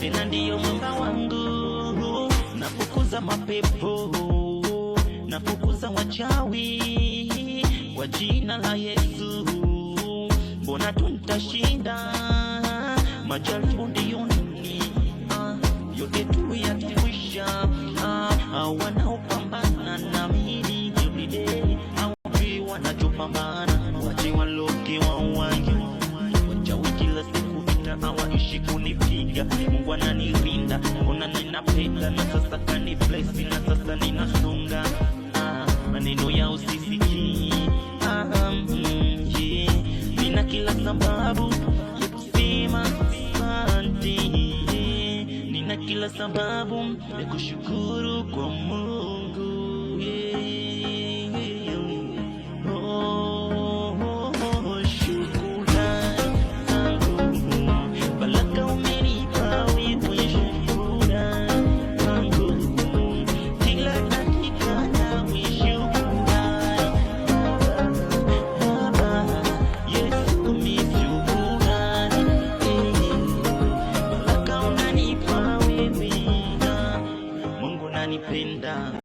tena ndiyo mwamba wangu, nafukuza mapepo, nafukuza wachawi kwa jina la Yesu. Mbona tuntashinda majaribu, ndiyo nini? Ah, yote tu yatakwisha. Ah, ah, wana haitoshi kunipiga. Mungu ananirinda, ona ninapenda na sasa kani bless na sasa ninasonga. Ah, maneno ya usisiki. ah, mm, yeah. Nina kila sababu ya kusema asante, nina kila sababu ya kushukuru kwa Mungu. done.